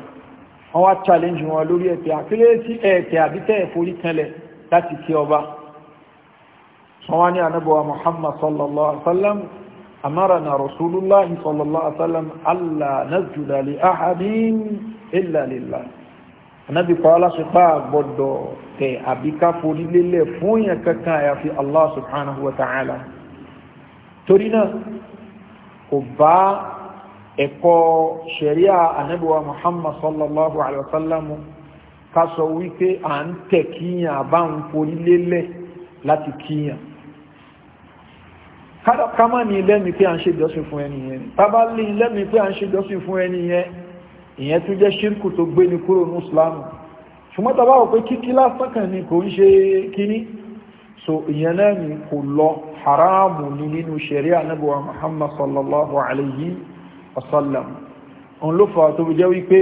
Speaker 1: wọ́n wá challenge wọn lórí ẹ̀tẹ̀ àkílẹ̀ sí ẹ̀tẹ̀ àbítẹ̀ ìforí kanlẹ̀ láti kí ọba wọ́n wá ní anábọ̀wà muhammad sallallahu alaihi wasallam amara na rasulullah sallallahu alaihi wasallam allah nasjuda li ahadin illa lillah anábì pàwọ́lá sí ẹ̀kọ́ ṣẹ̀ríà anábíwá muhammad sallallahu alayhi wa sallam ká sọ wípé à ń tẹ̀ kíyàn àbá ń forí lélẹ̀ láti kíyàn ká má ní lẹ́mìí pé à ń ṣe ìjọsìn fún ẹni yẹn tábà lè lẹ́mìí pé à ń ṣe ìjọsìn fún ẹni yẹn ìyẹn tún jẹ́ ṣírkù tó gbé ní kúrò ní islamu ṣùgbọ́n tàbá wọ́n pé kíkí lásán kan ni kò ń ṣe kíní so ìyẹn náà ni kò lọ haramu ni nínú ṣẹ̀ríà anábíwá muhammad sallallahu alayhi wa sallam wasallam òun ló fà tó jẹ́ wípé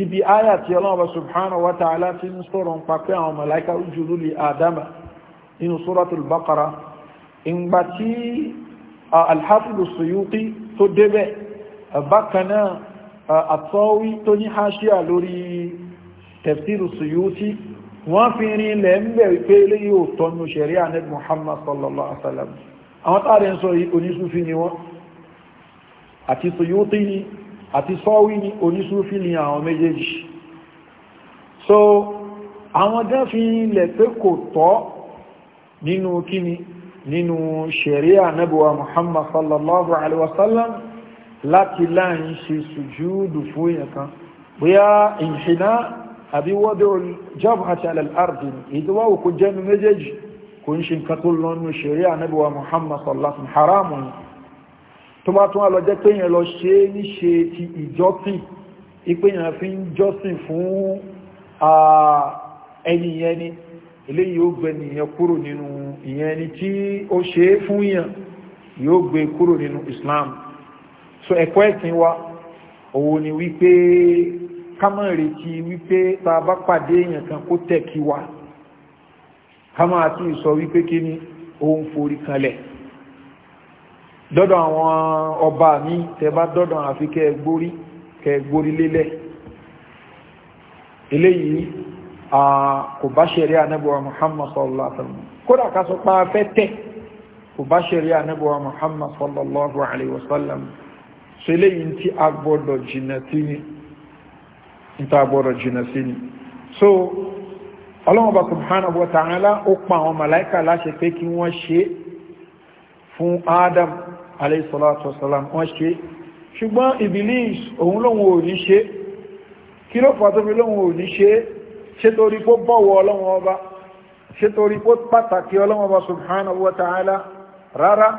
Speaker 1: ibi ayà tí ọlọ́wọ́ subhanahu wa ta'ala ti ń sọ̀rọ̀ ń papẹ́ àwọn mọ̀láíkà ojúlú lè àdámà nínú suratul baqara ìgbà tí alhafidu suyuti tó débẹ̀ bákanáà àtọ́wí tó ní haṣíà lórí tafsiru suyuti wọ́n fi rin ilẹ̀ ń bẹ̀ wípé eléyìí ò tọ́nu ṣẹ̀ríà ní muhammad sallallahu alaihi wasallam àwọn táàrí ń sọ onísúfí ni wọ́n àti Suyuti ni àti Sawi ni onísúfí ni àwọn méjèèjì so àwọn dán fi ilẹ̀ pé kò tọ́ nínú kíni nínú ṣẹ̀ríà nẹ́bùwa Muhammad sallallahu alaihi wasallam láti láàrin ṣe sùjúdù fún èèyàn kan bóyá ìhìná àbí wọ́dọ̀ jabhati ala al kò jẹ́nu méjèèjì kò ń ṣe nǹkan tó lọ́nu ṣeré ànábíwá muhammad sallallahu haramu tó bá tún lọ jẹ́ pé yẹn lọ ṣe ní ṣe ti ìjọ́sìn ipé fi ń jọ́sìn fún ẹni yẹn ni eléyìí ó gbé nìyẹn kúrò nínú ìyẹn ni tí ó ṣe é fún yẹn yóò gbé e kúrò nínú islam so ẹ̀kọ́ ẹ̀sìn wa òun ni wípé ká má retí wípé tá a bá pàdé èèyàn kan kó tẹ̀ kí wa Kama ati tún sọ wípé kí ni òun forí kalẹ̀ dọ́dọ̀ àwọn ọba mi tẹ bá dọ́dọ̀ àfi kẹ́ gbórí kẹ́ lélẹ̀ eléyìí kò bá ṣẹ̀rí ànábọ̀wà Muhammad sallallahu alaihi wasallam kódà ká sọ pa afẹ́ tẹ̀ kò bá ṣẹ̀rí ànábọ̀wà Muhammad sallallahu alaihi wasallam ṣe léyìn tí a gbọ́dọ̀ jìnà sí ni so ọlọ́wọ́ba subhanahu wa ta'ala ó pa àwọn màláíkà láṣẹ pé kí wọ́n ṣe fún adam aleyhisalatu wasalam wọ́n ṣe ṣùgbọ́n ibilis òun lóhun ò ní ṣe kí ló fà tó fi lóhun ò ní ṣe ṣe torí pó bọ̀wọ̀ ọlọ́wọ́ba ṣe torí pó pàtàkì ọlọ́wọ́ba subhanahu wa ta'ala rárá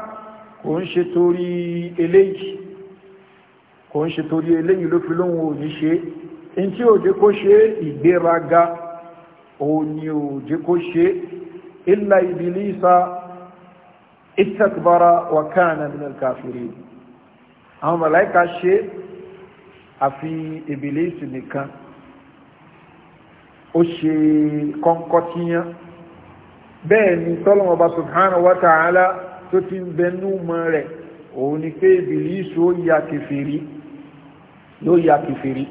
Speaker 1: òun ni ò jẹ́ kó ṣe illa ibilisa istakbara wa kana min al-kafirin àwọn màláíkà ṣe àfi ibilisi nìkan ó ṣe kọ́ńkọ́ tíyàn bẹ́ẹ̀ ni tọ́lọ́mọba subhanahu wa ta'ala tó ti ń bẹnú mọ́ rẹ̀ òun ni pé ìbìlísù ó yà kìfìrí yóò yà kìfìrí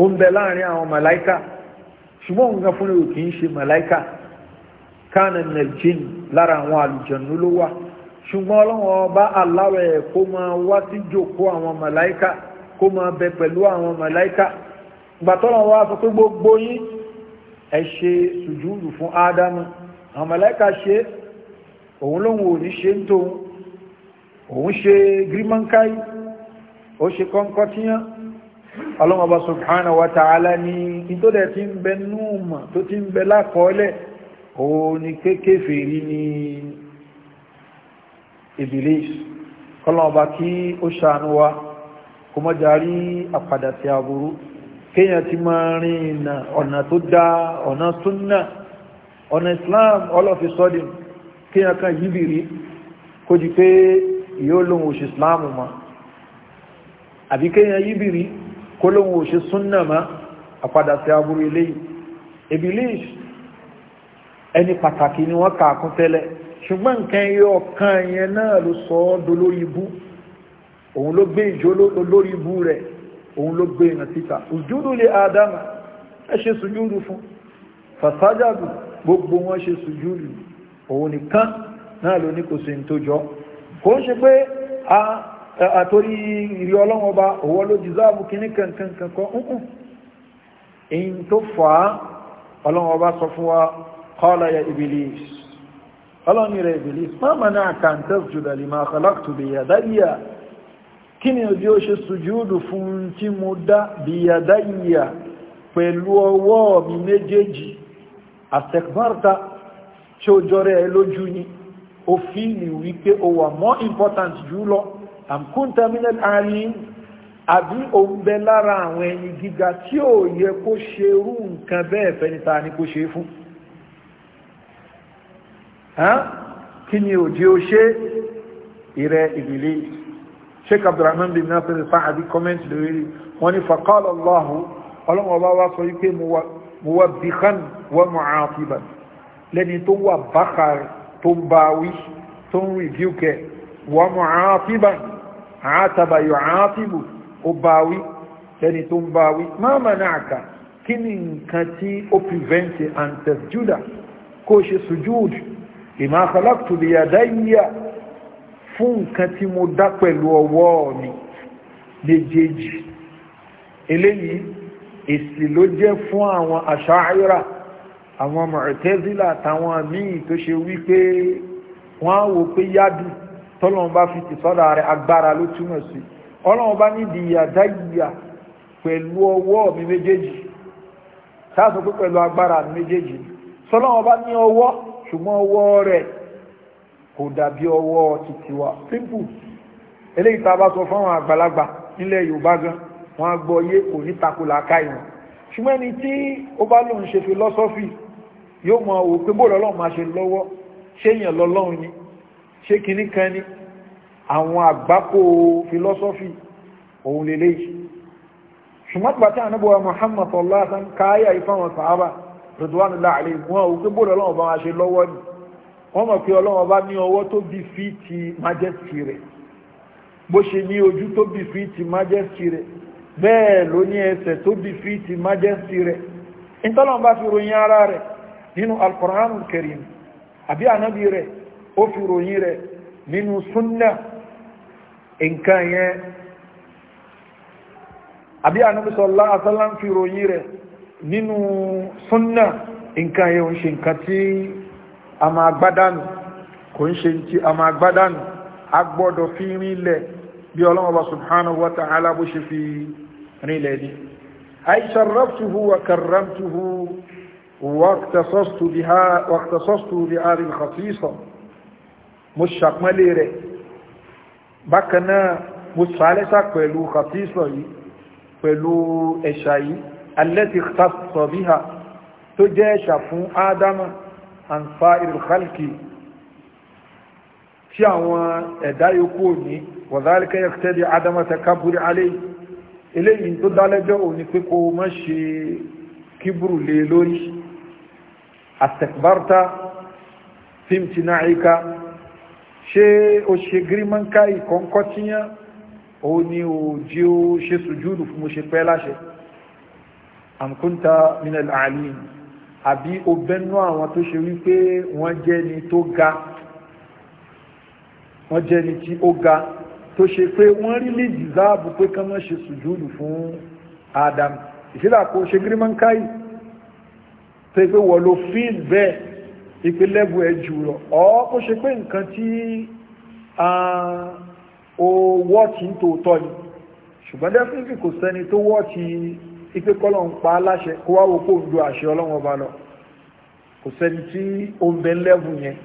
Speaker 1: ó ń bẹ láàrin àwọn màláíkà ṣùgbọ́n òun gan fúnra òkè ń ṣe màláìkà kánà nàìjíríà lára àwọn àlùjànnú ló wà ṣùgbọ́n ọlọ́wọ́n ọba aláwẹ̀ kó máa wá sí jòkó àwọn màláìkà kó máa bẹ pẹ̀lú àwọn màláìkà gbàtọ́lọ̀ wá sọ pé gbogbo yín ẹ ṣe sùjúùdù fún ádámù àwọn màláìkà ṣe òun lóhun ò ní ṣe ń tóun òun ṣe gírímọ́ńkáì ó ṣe kọ́ńkọ́tíyàn ọlọ́wọ́n bá subhanahu wa ta'ala ní ìtòdẹ̀ tí ń bẹ núùmà tó ti ń bẹ lákọọ́lẹ̀ òun ni kékèfèrí ní Iblis kọ́lọ́wọ́n bá kí ó ṣàánú wa kó mọ́ jarí àpàdà sí aburú kéèyàn ti máa rìn ọ̀nà tó dá ọ̀nà súnnà ọ̀nà Islam ọlọ́fi sọ́dìm kéèyàn kan yíbìrí kó di pé yóò lóhun òṣì kólóhùn òṣè súnnà má àpadà sí aburú eléyìí Ìbílísì ẹni pàtàkì ni wọ́n kà á kún tẹ́lẹ̀ ṣùgbọ́n nǹkan ẹyọ ọ̀kan yẹn náà ló sọ ọ́ dolórí ibú òun ló gbé ìjó lórí ibú rẹ̀ òun ló gbé ìrìn síta ùjúdù lè àdámà ẹ ṣe sùjúdù fún fàṣájàdù gbogbo wọn ṣe sùjúdù òun nìkan náà ló ní kò sí ní tó jọ kò ń ṣe pé a àtórí ìrí ọlọ́run ọba òwò ló jìzáàbù kìíní kankan kankan ǹkan èyí tó fà á ọlọ́run ọba sọ fún wa qala ya ibilis ọlọ́run rẹ̀ ibilis ma mana'aka an tasjuda lima khalaqtu biyadayya kí ni òbí ó ṣe sùjúdù fún tí mo dá biyadayya pẹ̀lú ọwọ́ mi méjèèjì àtẹ̀kbárta tí ó jọrẹ ẹ lójú ni ó fi ní wípé ó wà more important jù lọ àkúntà mílẹ̀ àárín àbí òun bẹ lára àwọn ẹni gíga tí ó yẹ kó ṣe irú nǹkan bẹ́ẹ̀ fẹ́ni ta ni kó ṣe fún kí ni òjì ó ṣe ìrẹ ìdílé sheik abdulrahman bin nasir sa'adi comment lórí wọn ni faqala allahu ọlọ́wọ́ wa wá sọ wípé mo wá bìkan wọ́n mọ̀ àtìbà lẹ́ni tó wà bákàrẹ̀ tó ń bá wí tó ń rìdíùkẹ́ wa mu'atiban àátàbà yu'atibu ó báwí ẹni tó ń báwí ma mana'aka kí ni nǹkan tí ó prevent an tasjuda kó ṣe sujúd ìmá khalaqtu bi yadayya fún nǹkan tí mo dá pẹ̀lú ọwọ́ mi méjèèjì eléyìí èsì ló jẹ́ fún àwọn àṣáírà àwọn mu'tazila àtàwọn míì wọ́n á wò pé yádùn tọ́lọ́wọ́n bá fi ti sọ́dà rẹ̀ agbára ló túmọ̀ sí ọlọ́wọ́n bá ní ìdíyà dáyà pẹ̀lú ọwọ́ mi méjèèjì sáàsọ pé pẹ̀lú agbára mi méjèèjì sọ́lọ́wọ́n bá ní ọwọ́ ṣùgbọ́n ọwọ́ rẹ̀ kò dàbí ọwọ́ títí wa simple eléyìí tá a bá sọ fáwọn àgbàlagbà nílẹ̀ Yorùbá gan wọn á gbọ́ yé kò ní takò làákà ìwọ̀n ṣùgbọ́n ẹni tí ó bá lóun ṣe philosophy yóò mọ òwò pé bóòlù máa ṣe lọ́wọ́ ṣé lọ́lọ́run ni ṣé kìíní kan ní àwọn àgbákò filosofi òun lè léyìí ṣùgbọ́n pàtí ànábọ̀wà Muhammad ọlọ́ta ń káyà ìfáwọn sàábà rẹ̀dùwánilá àlèkùn àwọn òkè bóòdù ọlọ́wọ́ bá wọn ṣe lọ́wọ́ ni wọ́n mọ̀ pé ọlọ́wọ́ bá ní ọwọ́ tó bí fi ti majesty rẹ̀ bó ṣe ní ojú tó bí fi ti majesty rẹ̀ bẹ́ẹ̀ ló ní ẹsẹ̀ tó bí fi ti majesty rẹ̀ ìtọ́lọ́wọ́ bá fi ròyìn ara rẹ̀ nínú Al-Qur'anul àbí ànábì rẹ̀ ó fi ròyìn rẹ̀ nínú súnnà nǹkan yẹn àbí ànábìsọ̀lá asálá ń fi ròyìn rẹ̀ nínú súnnà nǹkan yẹn ń ṣe nǹkan tí a máa gbádánù kò ń ṣe tí a máa gbádánù a gbọ́dọ̀ fi rinlẹ̀ bí ọlọ́mọba واختصصت بها واختصصت بعار خصيصه mo ṣàpọ́nlé rẹ̀ bákan náà mo sàálẹ́sà pẹ̀lú kàfíìsọ̀ yìí pẹ̀lú ẹ̀ṣà yìí alẹ́tì tàṣọ bí ha tó jẹ́ ẹ̀ṣà fún ádámà àǹfà ìrìkálìkì tí àwọn ẹ̀dá yòókù ní wọ̀dálẹ́kẹ́ yẹ̀kẹ́dẹ̀ ádámà tẹ́kábúrí alẹ́ eléyìí tó dálẹ́jọ́ òní pé kó má ṣe kíbùrù lé lórí àtẹ̀kbárta fíìmtì náà ṣé o ṣe gírímọ́nká ìkọ́ńkọ́ tíyán o ní o jí o ṣe sùjúdù fún mo ṣe pẹ́ láṣẹ àmkúnta minel alim àbí o bẹ́nu àwọn tó ṣe wípé wọ́n jẹ́ ni tó ga wọ́n jẹ́ ni tí ó ga tó ṣe pé wọ́n rí lè dìzáàbù pé kán mọ́ ṣe sùjúdù fún adam ìṣílà kò ṣe gírímọ́nká yìí tó ṣe pé wọ́n lo fíìl bẹ́ẹ̀ ìpínlẹ̀bù ẹ̀ jù lọ ọ́ kó ṣe pé nǹkan tí o wọ́ọ̀tì ń tòótọ́ ni ṣùgbọ́n definitely kò sẹ́ni tó wọ́ọ̀tì ipe kọ́lọ̀ ń pa aláṣẹ kó wá kó ń do àṣẹ ọlọ́wọ́n ọba lọ kò sẹ́ni tí ó ń bẹ lẹ́bù yẹn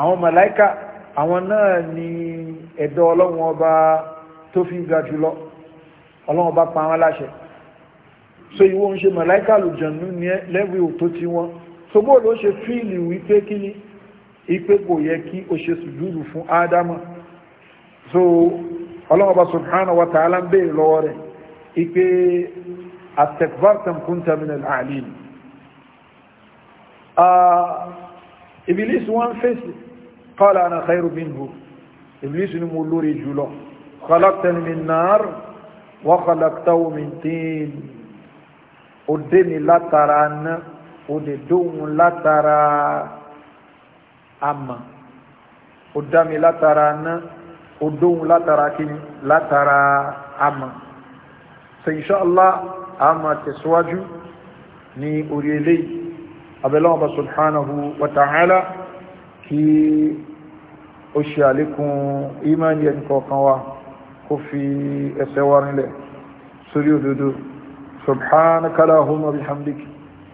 Speaker 1: àwọn màláìka àwọn náà ni ẹ̀dọ́ ọlọ́wọ́n ọba tó fi ga jùlọ ọlọ́wọ́n ọba pa wọn láṣẹ so ìwọ ń ṣe màláìka lùjọ̀nù lẹ́bù ò tó ti wọn sọgbó ló ṣe fíìlì wípé kí ni ipe kò yẹ kí o ṣe sùjúdù fún ádámà so ọlọ́wọ́ bá subhanahu wa ta'ala ń béèrè lọ́wọ́ rẹ̀ ipe astekvartam kunta min al-alim ah, ibilis wọn fèsì qala ana khairu minhu ibilis ni mo lórí jùlọ khalaqtani min nar wa khalaqtahu min ó dé mi látara náà òde dóhun látara àmà ó dá mi látara ná ó dóhun látara kíni látara àmà so inṣáàlá àmà tẹ̀síwájú ní orí eléyìí abẹ́lọ́wọ́ bá subhanahu wa ta'ala kí ó ṣe àlékún imani ẹni kọ̀ọ̀kan wa kó fi ẹsẹ̀ wa rinlẹ̀ sórí òdodo subhanaka lahumma bihamdiki